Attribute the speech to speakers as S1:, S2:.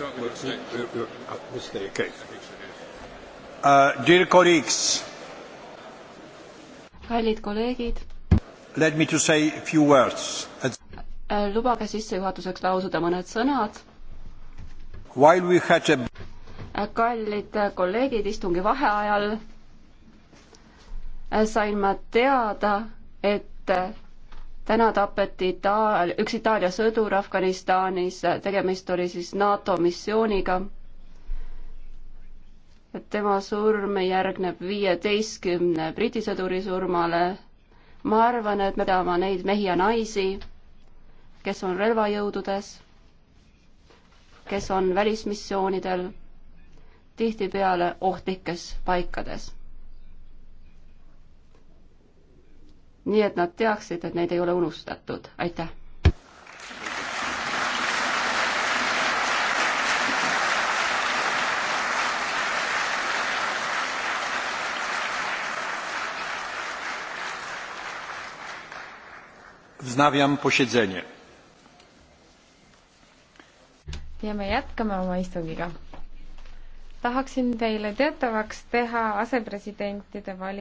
S1: Uh, uh,
S2: kallid kolleegid. Äh, lubage sissejuhatuseks lausuda mõned sõnad.
S1: A... Äh,
S2: kallid kolleegid, istungi vaheajal äh, sain ma teada, et täna tapeti Itaal-, üks Itaalia sõdur Afganistanis, tegemist oli siis NATO missiooniga. tema surm järgneb viieteistkümne Briti sõduri surmale. ma arvan, et me peame neid mehi ja naisi, kes on relvajõududes, kes on välismissioonidel, tihtipeale ohtlikes paikades nii et nad teaksid, et neid ei ole unustatud. aitäh!
S3: Wznawiam posiedzenie.
S2: ja me jätkame oma istungiga. tahaksin teile teatavaks teha asepresidentide vali-.